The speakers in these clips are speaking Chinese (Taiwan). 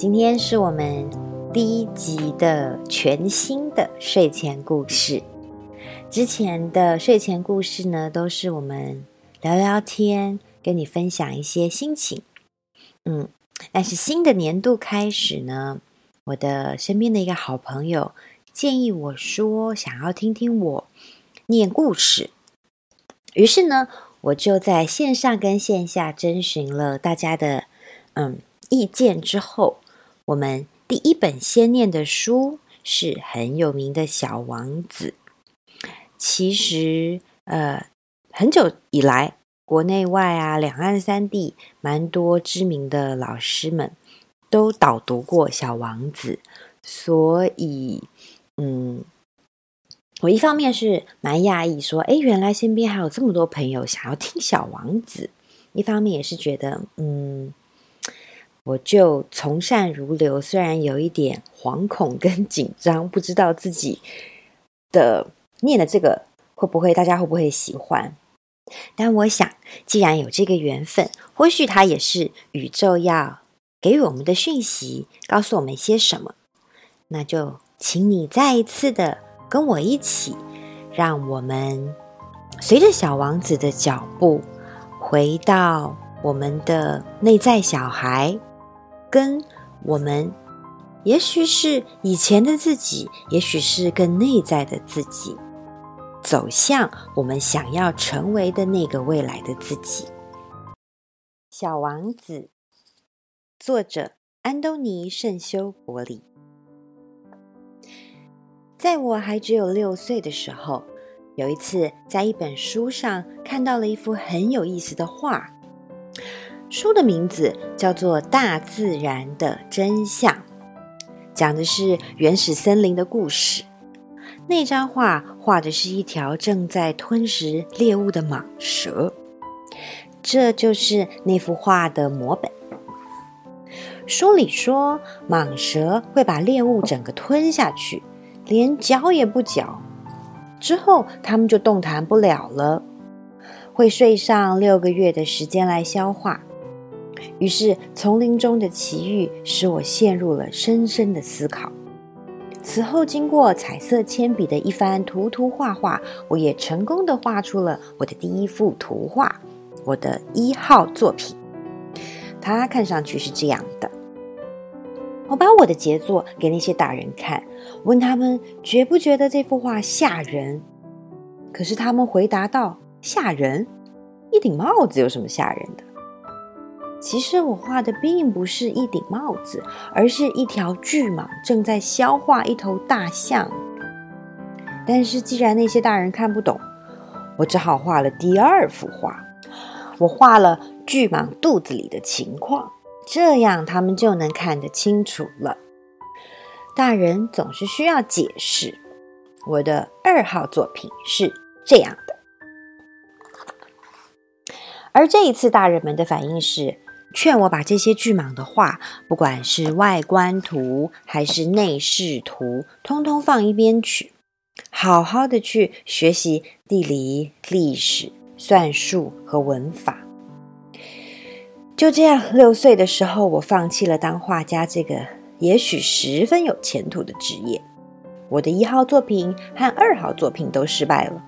今天是我們第一集的全新的睡前故事。之前的睡前故事呢，都是我們聊聊天，跟你分享一些心情。嗯，但是新的年度開始呢，我的身邊的一個好朋友建議我說，想要聽聽我念故事。於是呢，我就在線上跟線下徵詢了大家的，嗯，意見之後。我們第一本先念的書是很有名的《小王子》。其實，呃，很久以來，國內外啊、兩岸三地，蠻多知名的老師們都導讀過《小王子》，所以，嗯，我一方面是蠻訝異，說，哎，原來身邊還有這麼多朋友想要聽《小王子》，一方面也是覺得，嗯。我就從善如流，雖然有一點惶恐跟緊張，不知道自己的念的這個會不會大家會不會喜歡。但我想，既然有這個緣分，或許它也是宇宙要給予我們的訊息，告訴我們一些什麼。那就請你再一次的跟我一起，讓我們隨着小王子的腳步，回到我們的內在小孩。跟我們，也許是以前的自己，也許是更內在的自己，走向我們想要成為的那個未來的自己。《小王子》，作者安東尼·聖修伯里。在我還只有六歲的時候，有一次在一本書上看到了一幅很有意思的畫。書的名字叫做《大自然的真相》，講的是原始森林的故事。那張畫畫的是一條正在吞食獵物的蟒蛇，這就是那幅畫的摹本。書裡說，蟒蛇會把獵物整個吞下去，連嚼也不嚼，之後它們就動彈不了了，會睡上六個月的時間來消化。於是，叢林中的奇遇使我陷入了深深的思考。此後，經過彩色鉛筆的一番塗塗畫畫，我也成功的畫出了我的第一幅圖畫，我的一號作品。它看上去是這樣的。我把我的傑作給那些大人看，問他們覺不覺得這幅畫嚇人。可是他們回答道：“嚇人？一頂帽子有什麼嚇人的？”其實我畫的並不是一頂帽子，而是一條巨蟒正在消化一頭大象。但是既然那些大人看不懂，我只好畫了第二幅畫。我畫了巨蟒肚子裡的情況，這樣他們就能看得清楚了。大人總是需要解釋，我的二號作品是這樣的。而這一次大人們的反應是。勸我把這些巨蟒的畫，不管是外觀圖還是內飾圖，通通放一邊去，好好的去學習地理、歷史、算術和文法。就這樣，六歲的時候，我放棄了當畫家這個也許十分有前途的職業。我的一號作品和二號作品都失敗了，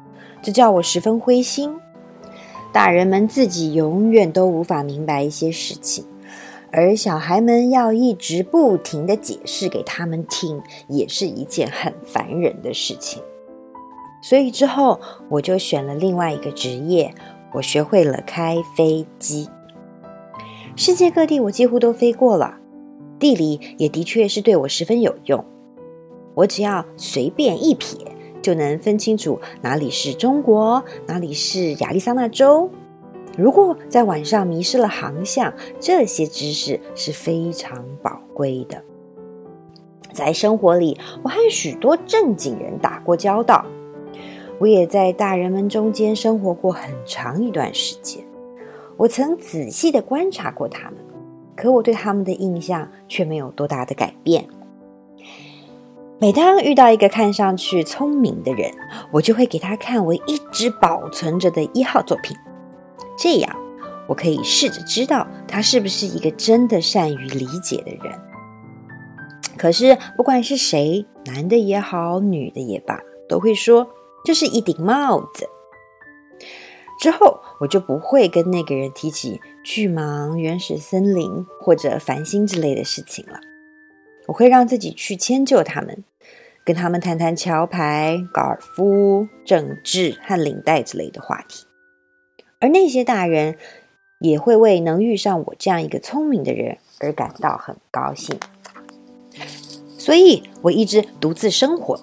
這叫我十分灰心。大人們自己永遠都無法明白一些事情，而小孩們要一直不停的解釋給他們聽，也是一件很煩人的事情。所以之後，我就選了另外一個職業，我學會了開飛機。世界各地我幾乎都飛過了，地理也的確是對我十分有用。我只要隨便一瞥。就能分清楚哪裡是中國，哪裡是亞利桑那州。如果在晚上迷失了航向，這些知識是非常寶貴的。在生活裡，我和許多正經人打過交道，我也在大人們中間生活過很長一段時間。我曾仔細地觀察過他們，可我對他們的印象卻沒有多大的改變。每當遇到一個看上去聰明的人，我就會給他看我一直保存着的一號作品，這樣我可以試着知道他是不是一個真的善於理解的人。可是不管是誰，男的也好，女的也罷，都會說這是一頂帽子。之後我就不會跟那個人提起巨蟒、原始森林或者繁星之類的事情了。我會讓自己去遷就他們。跟他們談談橋牌、高爾夫、政治和領帶之類的話題，而那些大人也會為能遇上我這樣一個聰明的人而感到很高興。所以我一直獨自生活，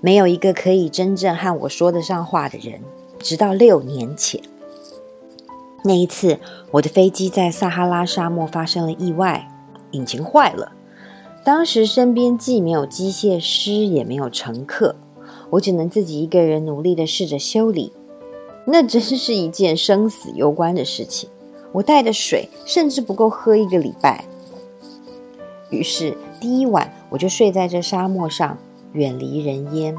沒有一個可以真正和我說得上話的人，直到六年前。那一次，我的飛機在撒哈拉沙漠發生了意外，引擎壞了。當時身邊既沒有機械師，也沒有乘客，我只能自己一個人努力的試着修理，那真是一件生死攸關的事情。我帶的水甚至不夠喝一個禮拜，於是第一晚我就睡在這沙漠上，遠離人煙，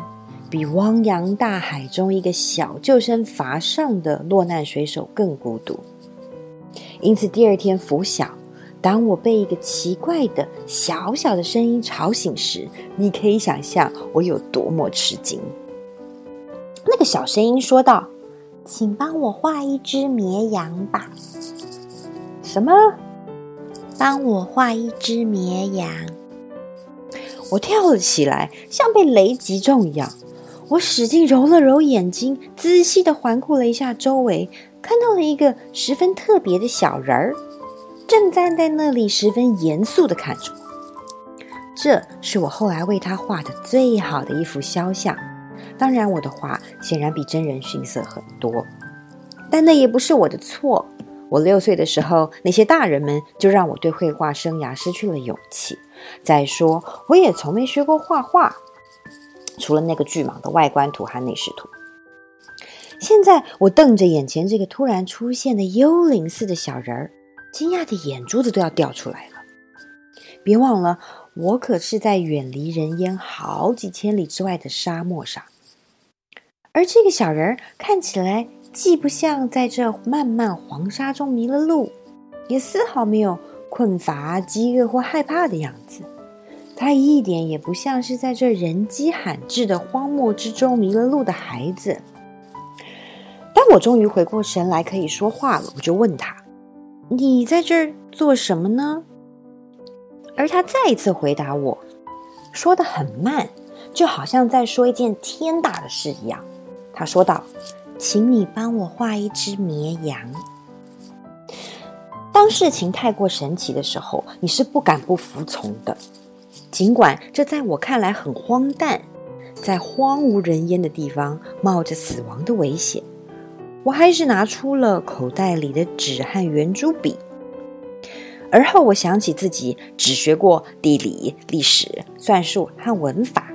比汪洋大海中一個小救生筏上的落難水手更孤獨。因此第二天拂曉，當我被一個奇怪的、小小的聲音吵醒時，你可以想象我有多麼吃驚。那個小聲音說道：“請幫我畫一隻綿羊吧。”什麼？幫我畫一隻綿羊？我跳了起來，像被雷擊中一樣。我使勁揉了揉眼睛，仔細地環顧了一下周圍，看到了一個十分特別的小人兒。正站在那裡，十分嚴肅地看着我。這是我後來為他畫的最好的一幅肖像。當然，我的畫顯然比真人遜色很多，但那也不是我的錯。我六歲的時候，那些大人們就讓我對繪畫生涯失去了勇氣。再說，我也從沒學過畫畫，除了那個巨蟒的外觀圖和內飾圖。現在，我瞪着眼前這個突然出現的幽靈似的小人兒。驚訝的眼珠子都要掉出來了！別忘了，我可是在遠離人煙好幾千里之外的沙漠上，而這個小人兒看起來既不像在這漫漫黃沙中迷了路，也絲毫沒有困乏、飢餓、飢餓或害怕的樣子。他一點也不像是在這人跡罕至的荒漠之中迷了路的孩子。當我終於回過神來可以說話了，我就問他。你在這兒做什麼呢？而他再一次回答我，說得很慢，就好像在說一件天大的事一樣。他說道：“請你幫我畫一隻綿羊。”當事情太過神奇的時候，你是不敢不服從的，儘管這在我看來很荒誕，在荒無人煙的地方冒着死亡的危險。我還是拿出了口袋裡的紙和圓珠筆，而後我想起自己只學過地理、歷史、算術和文法，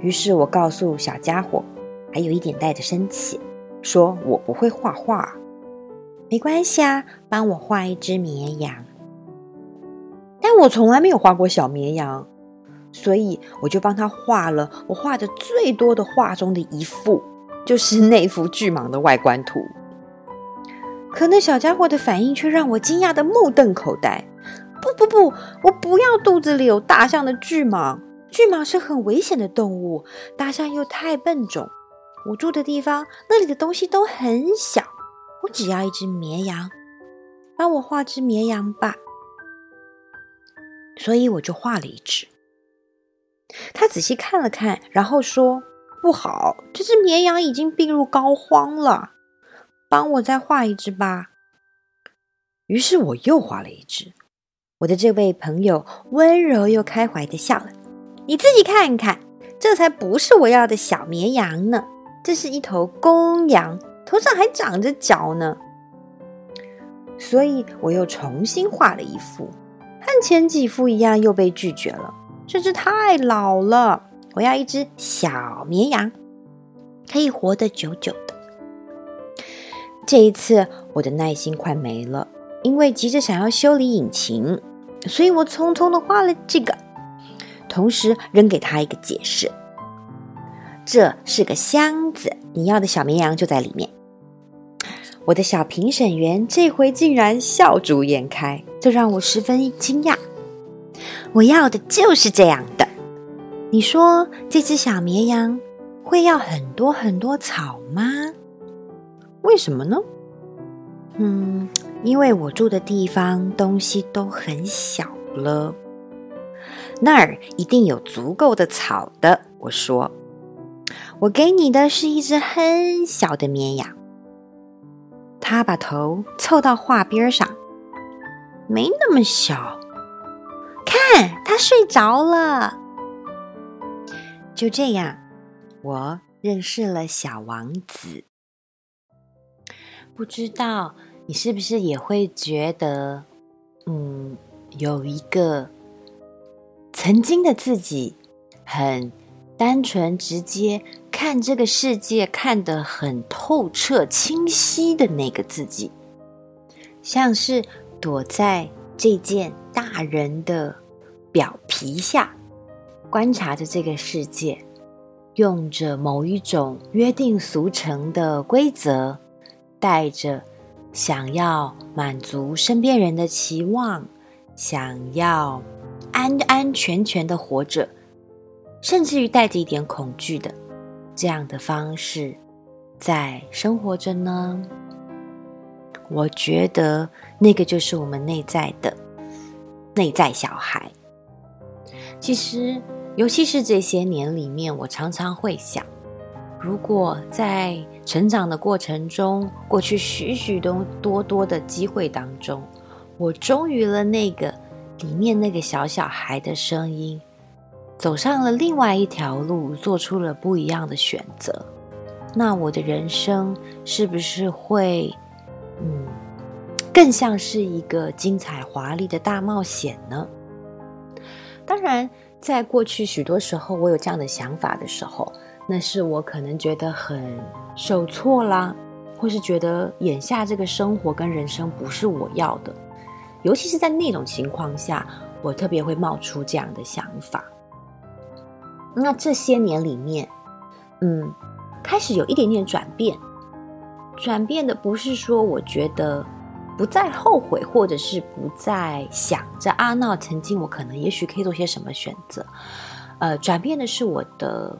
於是我告訴小家伙，還有一點帶着生氣，說我不會畫畫。沒關係啊，幫我畫一隻綿羊。但我從來沒有畫過小綿羊，所以我就幫他畫了我畫的最多的畫中的一幅。就是那幅巨蟒的外觀圖，可那小家伙的反應卻讓我驚訝得目瞪口呆。不不不，我不要肚子裡有大象的巨蟒，巨蟒是很危險的動物，大象又太笨重。我住的地方，那裡的東西都很小，我只要一隻綿羊，幫我畫一隻綿羊吧。所以我就畫了一隻。他仔細看了看，然後說。不好，這只綿羊已經病入膏肓了。幫我再畫一只吧。於是我又畫了一只。我的這位朋友溫柔又開懷地笑了。你自己看看，這才不是我要的小綿羊呢。這是一頭公羊，頭上還長着角呢。所以我又重新畫了一幅，和前幾幅一樣又被拒絕了。這只太老了。我要一隻小綿羊，可以活得久久的。這一次，我的耐心快沒了，因為急着想要修理引擎，所以我匆匆的畫了這個，同時扔給他一個解釋：這是個箱子，你要的小綿羊就在裡面。我的小評審員這回竟然笑逐顏開，這讓我十分驚訝。我要的就是這樣的。你說這隻小綿羊會要很多很多草嗎？為什麼呢？嗯，因為我住的地方東西都很小了，那兒一定有足夠的草的。我說，我給你的是一隻很小的綿羊。它把頭湊到畫邊上，沒那麼小。看，它睡着了。就這樣，我認識了小王子。不知道你是不是也會覺得，嗯，有一個曾經的自己，很單純、直接，看這個世界看得很透徹、清晰，的那個自己，像是躲在這件大人的表皮下，觀察着這個世界，用着某一種約定俗成的規則，帶着想要滿足身邊人的期望，想要安安全全的活着甚至於帶着一點恐懼的這樣的方式在生活着呢我覺得那個就是我們內在的內在小孩，其實。尤其是這些年裡面，我常常會想，如果在成長的過程中，過去許許多多多的機會當中，我忠於了那個裡面那個小小孩的聲音，走上了另外一條路，做出了不一樣的選擇，那我的人生是不是會，嗯，更像是一個精彩華麗的大冒險呢？當然。在過去許多時候，我有這樣的想法的時候，那是我可能覺得很受挫啦，或是覺得眼下這個生活跟人生不是我要的。尤其是在那種情況下，我特別會冒出這樣的想法。那這些年裡面，嗯，開始有一點點轉變。轉變的不是說我覺得。不再後悔，或者是不再想着啊，那曾經，我可能也許可以做些什麼選擇。呃，轉變的是我的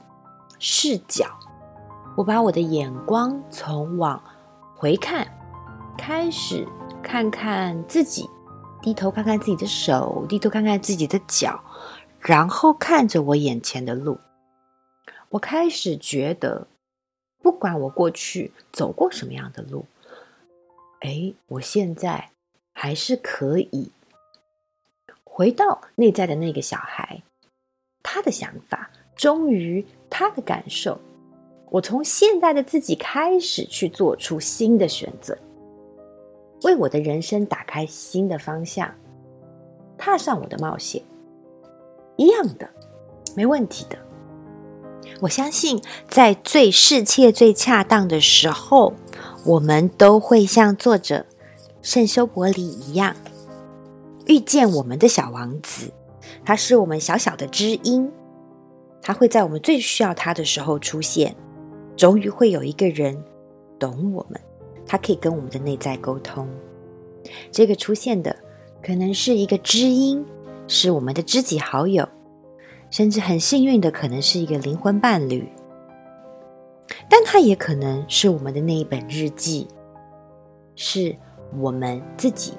視角，我把我的眼光從往回看，開始看看自己，低頭看看自己的手，低頭看看自己的腳，然後看着我眼前的路。我開始覺得，不管我過去走過什麼樣的路。哎，我現在還是可以回到內在的那個小孩，他的想法，終於他的感受，我從現在的自己開始去做出新的選擇，為我的人生打開新的方向，踏上我的冒險，一樣的，沒問題的。我相信在最適切最恰當的時候，我們都會像作者聖修伯里一樣遇見我們的小王子，他是我們小小的知音，他會在我們最需要他的時候出現。終於會有一個人懂我們，他可以跟我們的內在溝通。這個出現的，可能是一個知音，是我們的知己好友，甚至很幸運的，可能是一個靈魂伴侶。但它也可能是我們的那一本日記，是我們自己。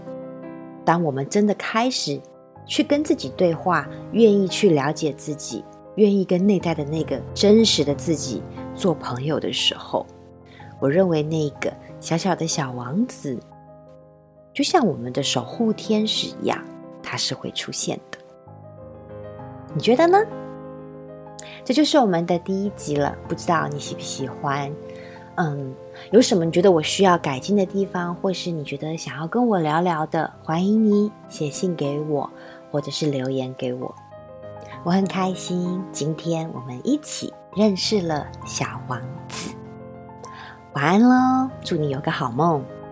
當我們真的開始去跟自己對話，願意去了解自己，願意跟內在的那個真實的自己做朋友的時候，我認為那個小小的小王子，就像我們的守護天使一樣，它是會出現的。你覺得呢？這就是我們的第一集了，不知道你喜不喜歡？嗯，有什麼你覺得我需要改進的地方，或是你覺得想要跟我聊聊的，歡迎你寫信給我，或者是留言給我。我很開心，今天我們一起認識了小王子。晚安嘍，祝你有個好夢。